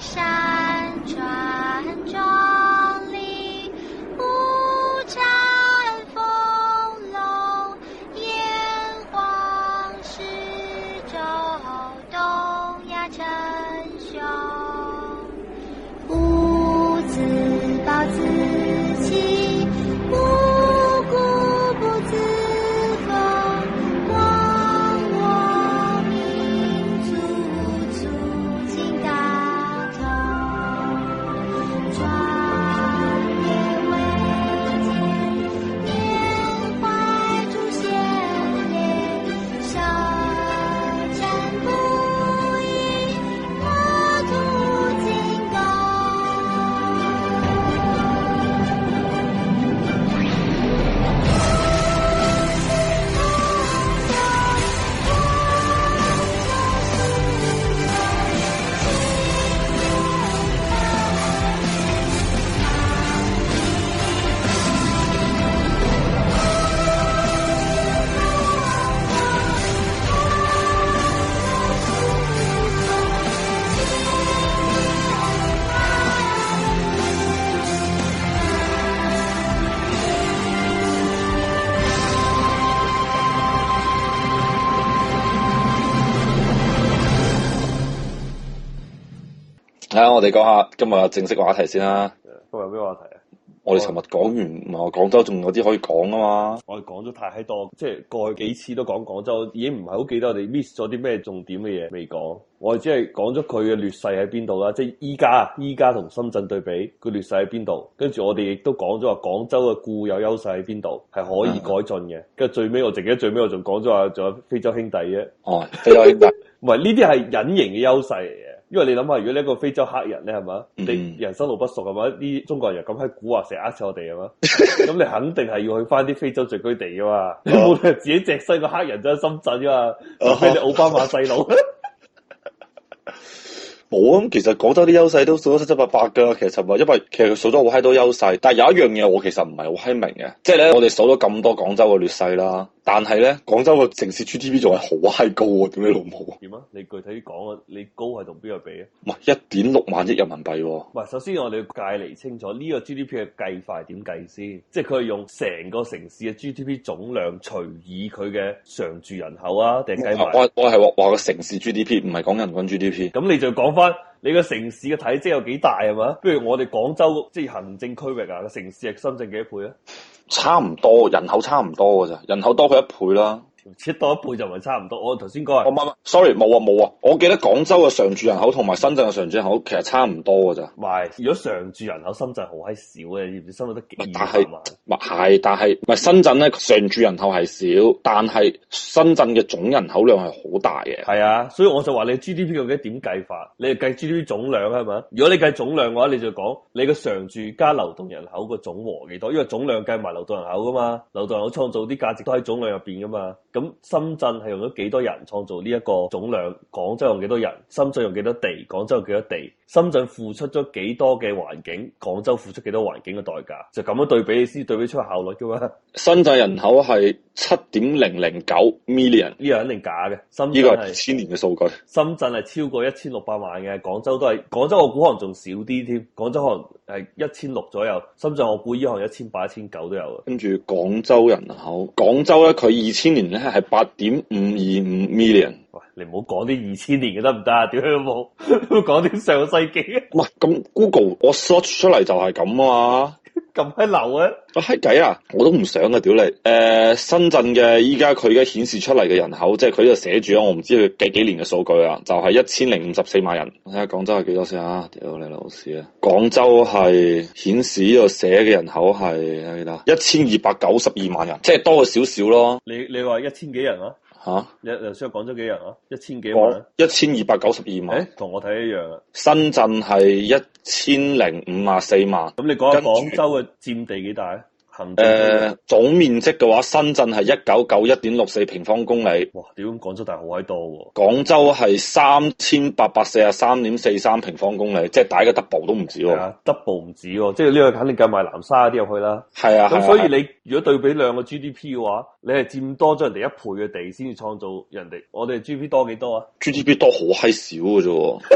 山莊。嗯、我哋講下今日正式話題先啦。今日有咩話題啊？我哋尋日講完，唔係話廣州仲有啲可以講噶嘛？嗯、我哋講咗太多，即係過去幾次都講廣州，已經唔係好記得我哋 miss 咗啲咩重點嘅嘢未講。我哋只係講咗佢嘅劣勢喺邊度啦。即係依家，依家同深圳對比，個劣勢喺邊度？跟住我哋亦都講咗話廣州嘅固有優勢喺邊度，係可以改進嘅。跟住、嗯嗯、最尾，我自己最尾我仲講咗話，仲有非洲兄弟嘅哦，非洲兄弟，唔係呢啲係隱形嘅優勢嚟嘅。因為你諗下，如果你一個非洲黑人咧，係嘛，你人生路不熟，係嘛，啲中國人又咁古惑啊，成日呃我哋啊嘛，咁 你肯定係要去翻啲非洲聚居地噶嘛，冇理由自己隻身個黑人就喺深圳噶嘛，除非你奧巴馬細佬。冇啊！其實廣州啲優勢都數得七七八八㗎。其實話因為其實佢數咗好閪多優勢，但係有一樣嘢我其實唔係好閪明嘅，即係咧我哋數咗咁多廣州嘅劣勢啦，但係咧廣州嘅城市 GDP 仲係好閪高喎，啊，點解老母？點啊？你具體講啊？你高係同邊個比啊？唔係一點六萬億人民幣喎。唔首先我哋要界嚟清楚呢、這個 GDP 嘅計法點計先，即係佢係用成個城市嘅 GDP 總量除以佢嘅常住人口啊，定係計埋？我我係話話個城市 GDP，唔係講人均 GDP。咁你就講翻。你個城市嘅體積有幾大係、啊、嘛？不如我哋廣州即係、就是、行政區域啊，個城市係深圳幾多倍啊？差唔多，人口差唔多㗎咋？人口多佢一倍啦。切多一倍就唔係差唔多。我頭先講，我唔唔，sorry，冇啊冇啊。我記得廣州嘅常住人口同埋深圳嘅常住人口其實差唔多嘅咋。係，如果常住人口，深圳好閪少嘅，你唔知深圳得幾廿萬？係，但係唔係深圳咧，常住人口係少，但係深圳嘅總人口量係好大嘅。係啊，所以我就話你 G D P 究竟點計法？你計 G D P 總量係咪？如果你計總量嘅話，你就講你嘅常住加流動人口個總和幾多？因為總量計埋流動人口噶嘛，流動人口創造啲價值都喺總量入邊噶嘛。咁深圳係用咗幾多人創造呢一個總量？廣州用幾多人？深圳用幾多地？廣州用幾多地？深圳付出咗幾多嘅環境？廣州付出幾多環境嘅代價？就咁樣對比你先對比出效率嘅嘛？深圳人口係七點零零九 million，呢樣肯定假嘅。深圳呢個係二千年嘅數據。深圳係超過一千六百萬嘅，廣州都係。廣州我估可能仲少啲添，廣州可能係一千六左右。深圳我估依行一千八、一千九都有。跟住廣州人口，廣州咧佢二千年咧。係八點五二五 million。喂，你唔好講啲二千年嘅得唔得啊？點解冇講啲上世紀啊？喂，咁 Google 我 search 出嚟就係咁啊嘛。咁閪流啊！我閪計啊！我都唔想啊。屌你！誒、呃，深圳嘅依家佢嘅顯示出嚟嘅人口，即係佢又寫住啊，我唔知佢幾幾年嘅數據啊，就係一千零五十四萬人。我睇下廣州係幾多先啊！屌你老師啊！廣州係顯示呢度寫嘅人口係睇幾多？一千二百九十二萬人，即係多咗少少咯。你你話一千幾人啊？你又又講咗幾人啊？一千幾萬,、啊、萬？一千二百九十二萬。同我睇一樣。深圳係一千零五啊四萬。咁你講下廣州嘅佔地幾大？啊啊誒、嗯、總面積嘅話，深圳係一九九一點六四平方公里。哇！點廣州大好閪多喎！廣州係三千八百四十三點四三平方公里，即係大個 double 都唔止喎。double 唔止喎，即係呢個肯定計埋南沙啲入去啦。係啊，咁所以你如果對比兩個 GDP 嘅話，你係佔多咗人哋一倍嘅地先至創造人哋，我哋 GDP 多幾多啊？GDP 多好閪少嘅啫。嗯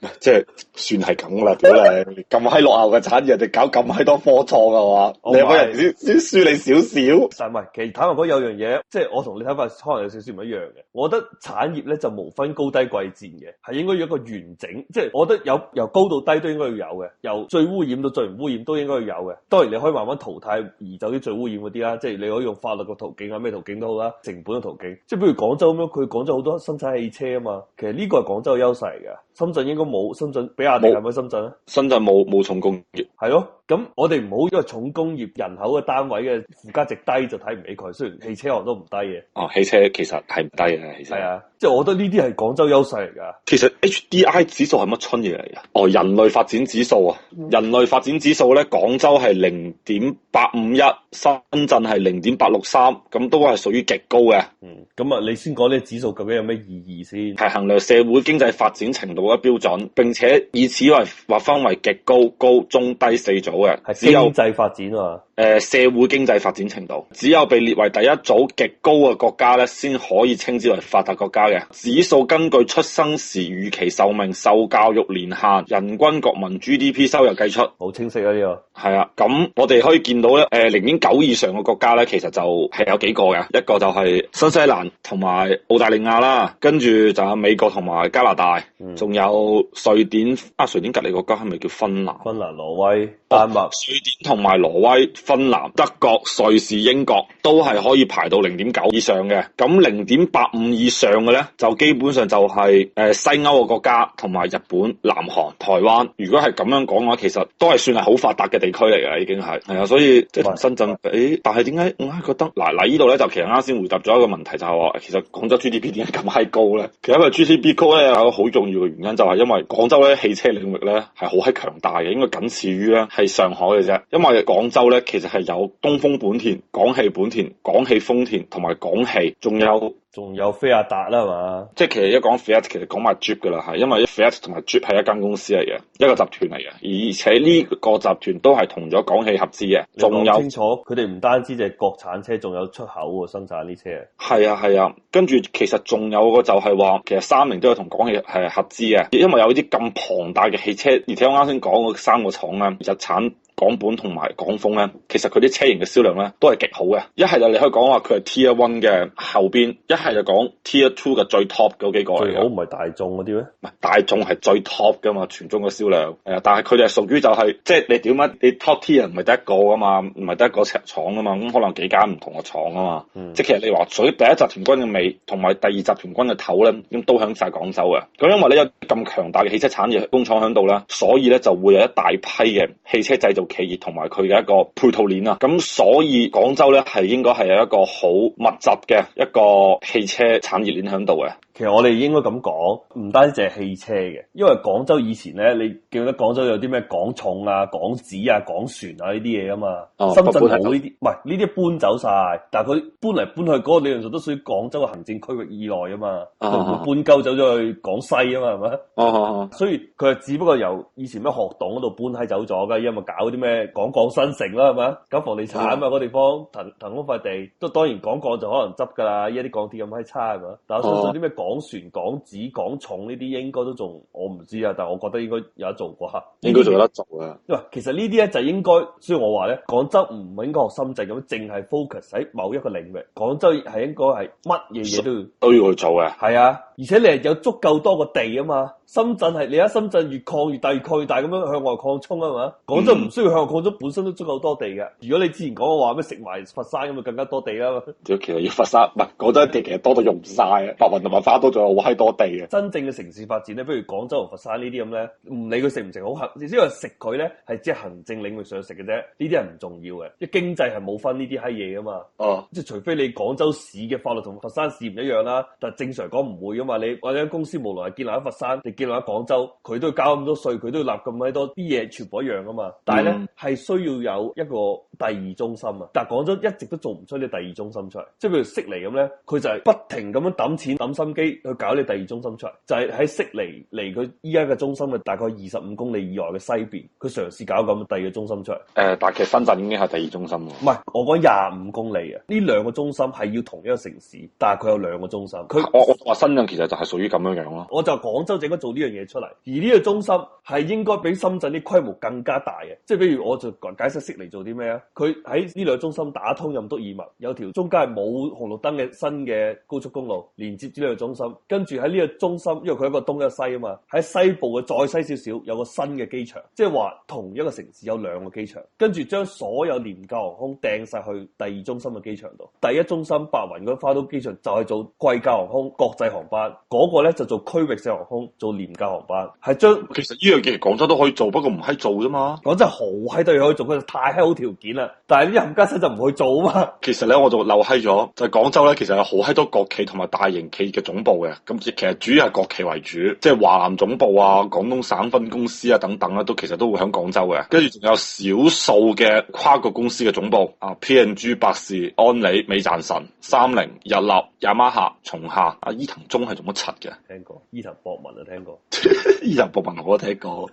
即係算係咁啦，屌你咁閪落後嘅產業，就搞咁閪多科創啊！哇，oh，is. 輸你好人少少輸你少少。唔係，其實坦白講有樣嘢，即係我同你睇法可能有少少唔一樣嘅。我覺得產業咧就無分高低貴賤嘅，係應該要一個完整。即係我覺得有由高到低都應該要有嘅，由最污染到最唔污染都應該要有嘅。當然你可以慢慢淘汰移走啲最污染嗰啲啦。即係你可以用法律個途徑啊，咩途徑都好啦，成本嘅途徑。即係譬如廣州咁樣，佢廣州好多生產汽車啊嘛。其實呢個係廣州嘅優勢嚟嘅，深圳應該冇。深圳比亞迪係咪深圳啊？深圳冇冇重工業。係咯，咁我哋唔好因為重工業人口嘅單位嘅附加值低就睇唔起佢。雖然汽車行都唔低嘅。哦，汽車其實係唔低嘅汽車。係啊，即係我覺得呢啲係廣州優勢嚟㗎。其實 HDI 指數係乜春嘢嚟㗎？哦，人類發展指數啊！嗯、人類發展指數咧，廣州係零點八五一，深圳係零點八六三，咁都係屬於極高嘅。嗯，咁啊，你先講呢指數究竟有咩意義先？係衡量社會經濟發展程度嘅標準。並且以此為劃分為極高、高、中、低四組嘅，係只有經濟發展啊。誒社會經濟發展程度，只有被列為第一組極高嘅國家咧，先可以稱之為發達國家嘅指數。根據出生時預期壽命、受教育年限、人均國民 GDP 收入計出，好清晰啊！呢個係啊，咁我哋可以見到咧，誒、呃，零點九以上嘅國家咧，其實就係有幾個嘅，一個就係新西蘭同埋澳大利亞啦，跟住就有美國同埋加拿大，仲、嗯、有瑞典啊，瑞典隔籬個國家係咪叫芬蘭？芬蘭、挪威。丹麥、哦、瑞典同埋挪威、芬蘭、德國、瑞士、英國都係可以排到零點九以上嘅。咁零點八五以上嘅咧，就基本上就係、是、誒、呃、西歐嘅國家同埋日本、南韓、台灣。如果係咁樣講嘅話，其實都係算係好發達嘅地區嚟嘅，已經係。係啊，所以即係同深圳誒是，但係點解我覺得嗱嗱呢度咧，就其實啱先回答咗一個問題，就係話其實廣州 GDP 點解咁閪高咧？其實因為 GDP 高咧有個好重要嘅原因，就係因為廣州咧汽車領域咧係好閪強大嘅，應該僅次於咧。係上海嘅啫，因為廣州咧，其實係有東風本田、廣汽本田、廣汽豐田同埋廣汽，仲有。仲有菲亞達啦，係嘛？即係其實一講 Fiat 其實講埋 Jeep 噶啦，係因為 Fiat 同埋 Jeep 係一間公司嚟嘅，一個集團嚟嘅。而且呢個集團都係同咗廣汽合資嘅。仲有清楚佢哋唔單止就係國產車，仲有出口嘅生產呢車。係啊係啊，跟住、啊、其實仲有個就係話，其實三菱都有同廣汽係合資嘅，因為有啲咁龐大嘅汽車，而且我啱先講嗰三個廠啊，日產。港本同埋港豐咧，其實佢啲車型嘅銷量咧都係極好嘅。一係就你可以講話佢係 Tier One 嘅後邊，一係就講 Tier Two 嘅最 top 嗰幾個嚟嘅。最好唔係大眾嗰啲咩？唔係大眾係最 top 㗎嘛，全中國銷量。誒、就是，但係佢哋係屬於就係即係你點啊？你 Top Tier 唔係得一個啊嘛，唔係得一個石廠啊嘛，咁可能幾間唔同嘅廠啊嘛。嗯、即係其實你話屬於第一集團軍嘅尾，同埋第二集團軍嘅頭咧，咁都響晒廣州嘅。咁因為咧有咁強大嘅汽車產業工廠響度啦，所以咧就會有一大批嘅汽車製造。企業同埋佢嘅一個配套鏈啊，咁所以廣州咧，係應該係有一個好密集嘅一個汽車產業鏈響度嘅。其實我哋應該咁講，唔單止係汽車嘅，因為廣州以前咧，你記得廣州有啲咩廣重啊、廣紙啊、廣船啊呢啲嘢啊嘛，啊深圳冇呢啲，唔係呢啲搬走晒。但係佢搬嚟搬去嗰個理論上都屬於廣州嘅行政區域以內啊嘛，啊唔會搬鳩走咗去廣西啊嘛，係咪？啊啊啊、所以佢係只不過由以前咩學黨嗰度搬喺走咗嘅，因為搞啲咩廣鋼新城啦，係咪搞房地產啊嘛，嗰、啊、地方騰騰空塊地，都當然廣鋼就可能執㗎啦，依家啲鋼鐵咁閪差啊，但我相信啲咩港，啊講廣船、港、紙、港、重呢啲，應該都仲我唔知啊，但係我覺得應該有得做啩，應該仲有得做啊。因為其實呢啲咧就應該，所以我話咧，廣州唔應該學深圳咁，淨係 focus 喺某一個領域。廣州係應該係乜嘢嘢都要都要去做啊，係啊，而且你係有足夠多嘅地啊嘛。深圳係你喺深圳越擴越大，越擴越大咁樣向外擴充啊嘛。廣州唔需要向外擴充，本身都足夠多地嘅。如果你之前講嘅話，咩食埋佛山咁咪更加多地啦。其實要，要佛山唔係廣州地，其實多到用唔晒，白雲同埋花。都仲有好閪多地嘅，真正嘅城市發展咧，不如廣州同佛山呢啲咁咧，唔理佢食唔食好合，只係食佢咧係即係行政領域上食嘅啫，呢啲係唔重要嘅，即經濟係冇分呢啲閪嘢噶嘛。哦、啊，即係除非你廣州市嘅法律同佛山市唔一樣啦，但係正常嚟講唔會噶嘛。你或者公司無論係建立喺佛山定建立喺廣州，佢都要交咁多稅，佢都要立咁閪多啲嘢，全部一樣噶嘛。但係咧係需要有一個第二中心啊，但係廣州一直都做唔出呢第二中心出嚟，即係譬如悉尼咁咧，佢就係不停咁樣抌錢抌心機。去搞呢第二中心出嚟，就係、是、喺悉尼離佢依家嘅中心嘅大概二十五公里以外嘅西邊，佢嘗試搞咁第、呃、第二中心出嚟。誒，但其實深圳已經係第二中心咯。唔係，我講廿五公里啊。呢兩個中心係要同一個城市，但係佢有兩個中心。佢我我話深圳其實就係屬於咁樣樣咯。我就廣州整該做呢樣嘢出嚟，而呢個中心係應該比深圳啲規模更加大嘅。即係，比如我就解釋悉尼做啲咩啊？佢喺呢兩個中心打通任督二脈，有條中間係冇紅綠燈嘅新嘅高速公路連接呢兩個中心。跟住喺呢個中心，因為佢一個東一個西啊嘛，喺西部嘅再西少少有個新嘅機場，即係話同一個城市有兩個機場，跟住將所有廉價航空掟晒去第二中心嘅機場度，第一中心白雲嗰個花都機場就係做貴價航空國際航班，嗰、嗰個咧就做區域性航空做廉價航班，係將其實呢樣嘢廣州都可以做，不過唔係做啫嘛。我真好閪多嘢可以做，佢太閪好條件啦，但係呢人家就就唔去做啊嘛其呢、就是呢。其實咧我就漏閪咗，就係廣州咧其實有好閪多國企同埋大型企業嘅總部嘅，咁其實主要係國企為主，即係華南總部啊、廣東省分公司啊等等啦，都其實都會喺廣州嘅。跟住仲有少數嘅跨國公司嘅總部，啊，P N G 百事、安利、美贊臣、三菱、日立、雅馬哈、松下、啊伊藤忠係做乜柒嘅？聽過伊藤博文啊，聽過 伊藤博文我都聽過，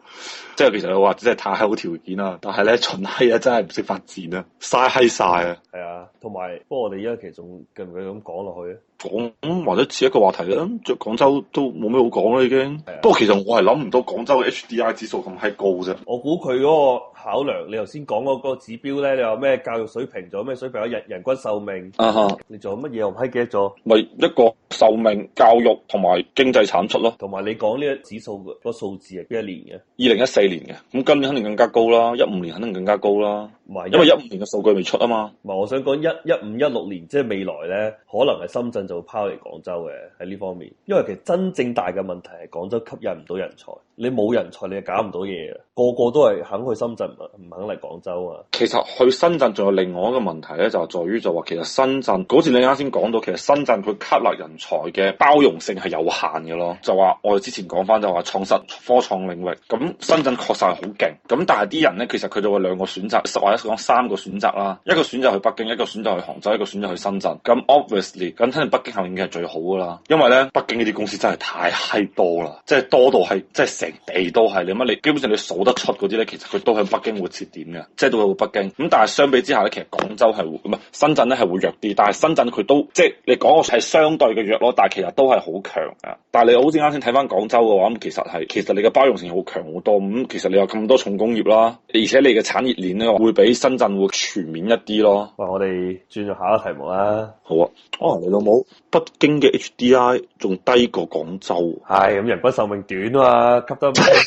即係其實你話即係太好條件啦、啊，但係咧蠢閪啊，真係唔識發展啊，嘥閪晒啊！係啊，同埋不過我哋依家其實仲繼唔繼咁講落去咧？講或者似一個話題啦，着廣州都冇咩好講啦已經。不過的其實我係諗唔到廣州嘅 HDI 指數咁閪高啫。我估佢嗰個。考量你頭先講嗰個指標咧，你有咩教育水平，仲有咩水平，人人均壽命，uh huh. 你仲有乜嘢我唔係記得咗。咪一個壽命、教育同埋經濟產出咯。同埋你講呢個指數個數字係邊一年嘅？二零一四年嘅，咁今年肯定更加高啦，一五年肯定更加高啦。唔係因為一五年嘅數據未出啊嘛。唔係，我想講一一五一六年，即係未來咧，可能係深圳就會拋離廣州嘅喺呢方面，因為其實真正大嘅問題係廣州吸引唔到人才。你冇人才，你搞唔到嘢嘅。個個都係肯去深圳，唔肯嚟廣州啊。其實去深圳仲有另外一個問題咧，就係、在於就話其實深圳好似你啱先講到，其實深圳佢吸納人才嘅包容性係有限嘅咯。就話我哋之前講翻就話創新科創領域，咁、嗯、深圳確實係好勁。咁、嗯、但係啲人呢，其實佢就話兩個選擇，實或者講三個選擇啦。一個選擇去北京，一個選擇去杭州，一個選擇去深圳。咁、嗯、Obviously，咁肯定北京肯定係最好噶啦。因為呢，北京呢啲公司真係太閪多啦，即係多到係即係地都係你乜？你基本上你數得出嗰啲咧，其實佢都喺北京會設點嘅，即係都喺北京。咁但係相比之下咧，其實廣州係會唔係深圳咧係會弱啲，但係深圳佢都即係你講個係相對嘅弱咯。但係其實都係好強嘅。但係你好似啱先睇翻廣州嘅話，咁其實係其實你嘅包容性好強好多。咁、嗯、其實你有咁多重工業啦，而且你嘅產業鏈咧會比深圳會全面一啲咯。喂，我哋轉下一個題目啦。好啊，哦，你老母，北京嘅 HDI 仲低過廣州，係咁、哎，人均壽命短啊嘛，吸得啱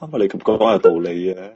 啊，你咁講都有道理嘅、啊。